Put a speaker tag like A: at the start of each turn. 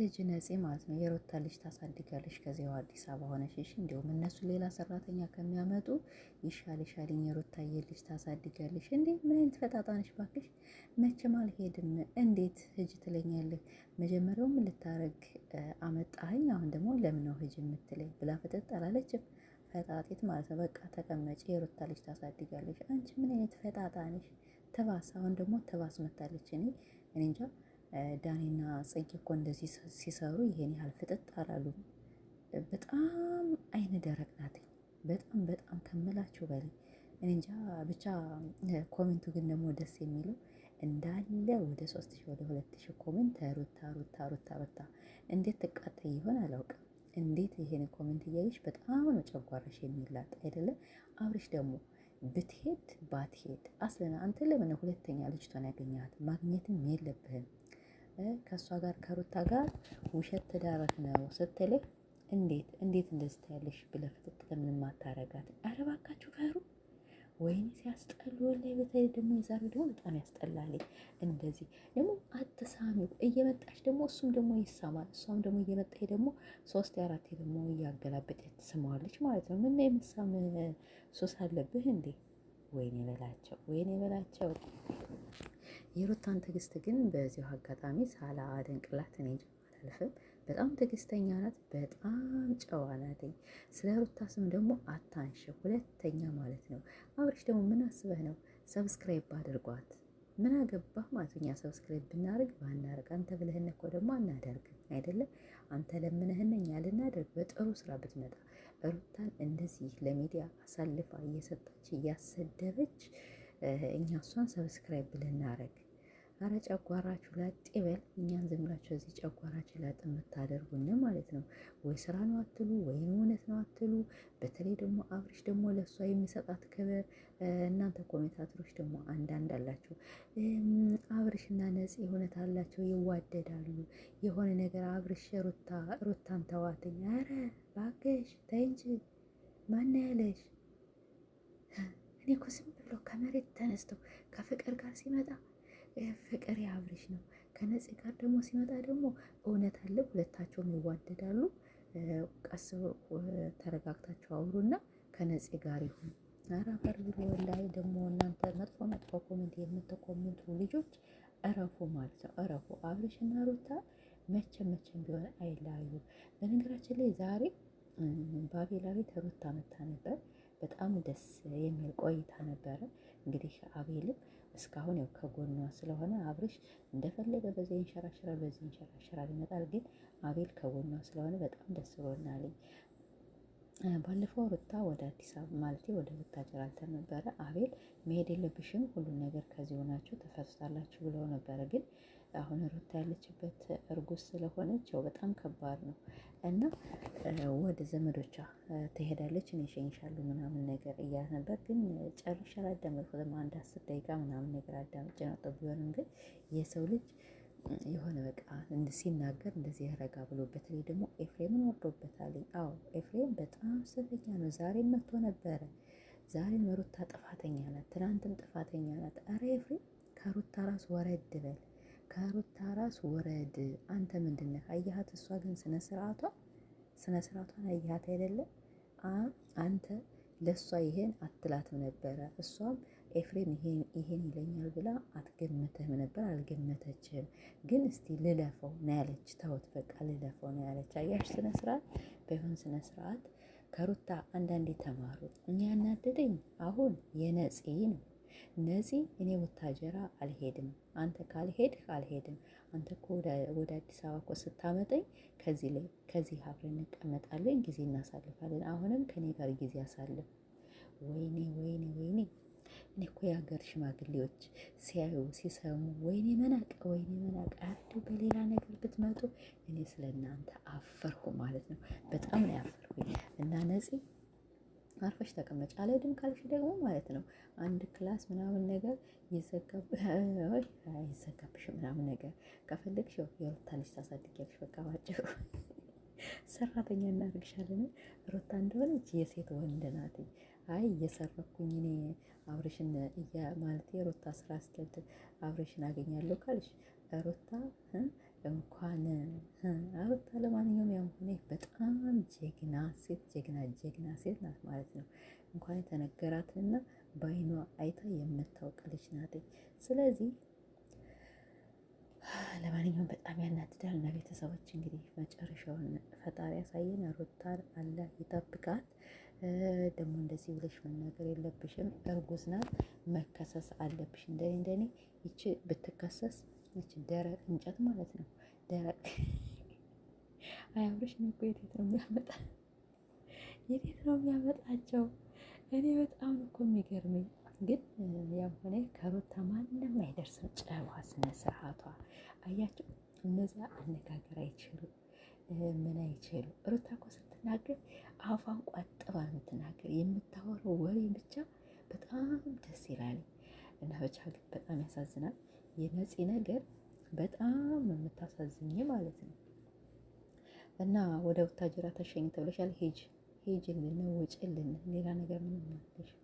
A: ልጅ ነጼ ማለት ነው የሮታ ልጅ ታሳድጋለች ከዚያው አዲስ አበባ ሆነሽ እሺ፣ እንዲሁም እነሱ ሌላ ሰራተኛ ከሚያመጡ ይሻል ይሻልኝ የሮታ ልጅ ታሳድጋለች እንዴ! ምን አይነት ፈጣጣነሽ ባክሽ! መቼም አልሄድም እንዴት ህጅ ትለኛለህ? መጀመሪያውም ልታረግ አመጣኸኝ፣ አሁን ደግሞ ለምን ነው ህጅ የምትለኝ ብላ ፍጥጥ አላለችም። ፈጣጤት ማለት ነው። በቃ ተቀመጭ፣ የሮታ ልጅ ታሳድጋለች አንቺ ምን አይነት ፈጣጣ ነሽ! ተባስ አሁን ደግሞ ተባስ መታለች። እኔ እኔ እንጃ ዳኒና ጽጌ እኮ እንደዚህ ሲሰሩ ይሄን ያህል ፍጥጥ አላሉም። በጣም አይነ ደረቅ ናት። በጣም በጣም ከምላችሁ በላይ እኔ እንጃ ብቻ። ኮሜንቱ ግን ደግሞ ደስ የሚለው እንዳለ ወደ ሶስት ሺ ወደ ሁለት ሺ ኮሜንት ሩታ ሩታ ሩታ ሩታ እንዴት ትቃጠይ ይሆን አላውቅም። እንዴት ይሄን ኮሜንት እያየሽ በጣም ነው ጨጓራሽ የሚላጥ አይደለም። አብርሽ ደግሞ ብትሄድ ባትሄድ አስለና አንተ ለምን ሁለተኛ ልጅቷን ያገኛት ማግኘትም የለብህም። ከእሷ ጋር ከሩታ ጋር ውሸት ትዳርህ ነው ስትልህ እንዴት እንዴት እንደዚህ ትያለሽ ብለህ ፍትት ለምንም አታረጋት። ኧረ እባካችሁ ጋሩ ወይኔ ሲያስጠሉ። ወላሂ በተለይ ደግሞ የዛሬ ደግሞ በጣም ያስጠላለኝ። እንደዚህ ደግሞ አትሳሚው እየመጣች ደግሞ እሱም ደግሞ ይሳማል፣ እሷም ደግሞ እየመጣ ደግሞ ሶስት አራቴ ደግሞ እያገላበጠ ትስማዋለች ማለት ነው። ምና የመሳም ሶስ አለብህ እንዴ? ወይኔ በላቸው፣ ወይኔ በላቸው። የሩታን ትዕግስት ግን በዚሁ አጋጣሚ ሳላደንቅላት እኔ አላልፍም። በጣም ትዕግስተኛ ናት፣ በጣም ጨዋ ናት። ስለ ሩታ ስም ደግሞ አታንሽ፣ ሁለተኛ ማለት ነው። አብርሽ ደግሞ ምን አስበህ ነው? ሰብስክራይብ አድርጓት፣ ምን አገባህ ማለት እኛ ሰብስክራይብ ብናደርግ ባናደርግ፣ አንተ ብለህን እኮ ደግሞ አናደርግም አይደለም። አንተ ለምነህን እኛ ልናደርግ። በጥሩ ስራ ብትመጣ ሩታን እንደዚህ ለሚዲያ አሳልፋ እየሰጠች እያሰደበች እኛ እሷን ሰብስክራይብ ልናረግ። አረ ጨጓራችሁ ላጤ በል። እኛን ዝም ብላችሁ እዚህ ጨጓራችሁ ላጥ የምታደርጉን ማለት ነው። ወይ ስራ ነው አትሉ፣ ወይም እውነት ነው አትሉ። በተለይ ደግሞ አብርሽ ደግሞ ለእሷ የሚሰጣት ክብር እናንተ ኮሜንታተሮች ደግሞ አንዳንድ አላችሁ። አብርሽና ነፂ እውነት አላቸው፣ ይዋደዳሉ። የሆነ ነገር አብርሽ ሩታን ተዋትኝ። አረ ባገሽ ተይንጂ፣ ማን ያለሽ እኔ እኮ ዝም ብሎ ከመሬት ተነስተው ከፍቅር ጋር ሲመጣ ፍቅር የአብርሽ ነው፣ ከነጽ ጋር ደግሞ ሲመጣ ደግሞ እውነት አለ። ሁለታቸውም ይዋደዳሉ። ቀስ ተረጋግታቸው አውሩና ከነጽ ጋር ይሁን። አራበር ብሎ ላይ ደግሞ እናንተ መጥፎ መጥፎ ኮሜንት የምትኮምንቱ ልጆች እረፉ ማለት ነው። እረፉ አብርሽና ሩታ መቼም መቼም ቢሆን አይለያዩም። በነገራችን ላይ ዛሬ ባቤላ ቤት ሩታ መታ ነበር። በጣም ደስ የሚል ቆይታ ነበረ። እንግዲህ አቤልም እስካሁን ያው ከጎኗ ስለሆነ አብርሽ እንደፈለገ በዚህ ይንሸራሸራል፣ በዚህ ይንሸራሸራል ይመጣል። ግን አቤል ከጎኗ ስለሆነ በጣም ደስ ብሎናል። ባለፈው ሩታ ወደ አዲስ አበባ ማለት ወደ ቡታጅራ አልተነበረ አቤል መሄድ የለብሽም ሁሉን ነገር ከዚህ ሆናችሁ ተፈርሳላችሁ ብለው ነበረ። ግን አሁን ሩታ ያለችበት እርጉዝ ስለሆነች ው በጣም ከባድ ነው እና ወደ ዘመዶቿ ትሄዳለች፣ እኔ እሸኝሻለሁ ምናምን ነገር እያለ ነበር። ግን ጨርሼ አላዳመጥኩትም። አንድ አስር ደቂቃ ምናምን ነገር አዳምጬ ነው። ቢሆንም ግን የሰው ልጅ የሆነ በቃ ሲናገር እንደዚህ ያረጋ ብሎ በተለይ ደግሞ ኤፍሬምን ወርዶበታል። አዎ ኤፍሬም በጣም ስህተኛ ነው። ዛሬ መጥቶ ነበረ። ዛሬ ሩታ ጥፋተኛ ናት፣ ትናንትም ጥፋተኛ ናት። አረ ኤፍሬም ከሩታ ራስ ወረድ በል፣ ከሩታ ራስ ወረድ። አንተ ምንድን ነህ? እሷ ግን ስነ ስርዓቷ ስነ ስርዓቷን አየሃት አይደለም አንተ ለእሷ ይሄን አትላትም ነበረ። እሷም ኤፍሬም ይሄን ይለኛል ብላ አትገመተህም ነበር፣ አልገመተችህም። ግን እስቲ ልለፈው ነው ያለች። ተውት በቃ ልለፈው ነው ያለች። አያሽ ስነ ስርዓት በይሆን ስነ ስርዓት ከሩታ አንዳንዴ ተማሩ። እኛ ያናደደኝ አሁን የነፂ ነው እነዚህ እኔ ወታጀራ አልሄድም፣ አንተ ካልሄድህ አልሄድም፣ አንተ እኮ ወደ አዲስ አበባ እኮ ስታመጠኝ ከዚህ ላይ ከዚህ አብረን እንቀመጣለን፣ ጊዜ እናሳልፋለን፣ አሁንም ከኔ ጋር ጊዜ አሳልፍ። ወይኔ ወይኔ ወይኔ እኔ እኮ የሀገር ሽማግሌዎች ሲያዩ ሲሰሙ ወይኔ መናቅ ወይኔ መናቅ አዱ በሌላ ነገር ብትመጡ እኔ ስለ እናንተ አፈርኩ ማለት ነው። በጣም ነው ያፈርኩኝ እና ነፂ አርፈሽ ተቀመጭ። አልሄድም ካልሽ ደግሞ ማለት ነው አንድ ክላስ ምናምን ነገር ይዘጋብሽ ምናምን ነገር ከፈለግሽ የሩታ ልጅ ታሳድጊያለሽ። በቃ ባጭሩ ሰራተኛ እናደርግሻለን። ሩታ እንደሆነች የሴት ወንድ ናት። አይ እየሰረኩኝ እኔ አብሬሽን ማለት የሩታ ስራ ስትል አብሬሽን አገኛለሁ ካልሽ ሩታ እንኳን አበቃ። ለማንኛውም ያም ሆነ በጣም ጀግና ሴት ጀግና ጀግና ሴት ናት ማለት ነው። እንኳን የተነገራትንና በአይኗ አይታ የምታውቅ ልጅ ናት። ስለዚህ ለማንኛውም በጣም ያናድዳል እና ቤተሰቦች እንግዲህ መጨረሻውን ፈጣሪ ያሳየን። ሩታን አለ ይጠብቃት። ደግሞ እንደዚህ ብለሽ መናገር የለብሽም። እርጉዝ ናት፣ መከሰስ አለብሽ። እንደኔ እንደኔ ይቺ ብትከሰስ ነች። ደረቅ እንጨት ማለት ነው። ደረቅ አያምርሽ ነው። የት ነው የሚያመጣ የት ነው የሚያመጣቸው? እኔ በጣም እኮ የሚገርመኝ ግን ያም ሆነ ከሩታ ማንም አይደርስም። ጨዋ ስነ ስርዓቷ አያቸው። እነዚያ አነጋገር አይችሉ ምን አይችሉ። ሩታ እኮ ስትናገር አፏን ቋጥባ የምትናገር የምታወረው ወሬ ብቻ በጣም ደስ ይላል። እና ብቻ ግን በጣም ያሳዝናል። የነፂ ነገር በጣም የምታሳዝኝ ማለት ነው። እና ወደ ቡታጅራ ተሸኝ ተብለሻል። ሂጅ ሂጅልን፣ ውጭልን፣ ሌላ ነገር ምንም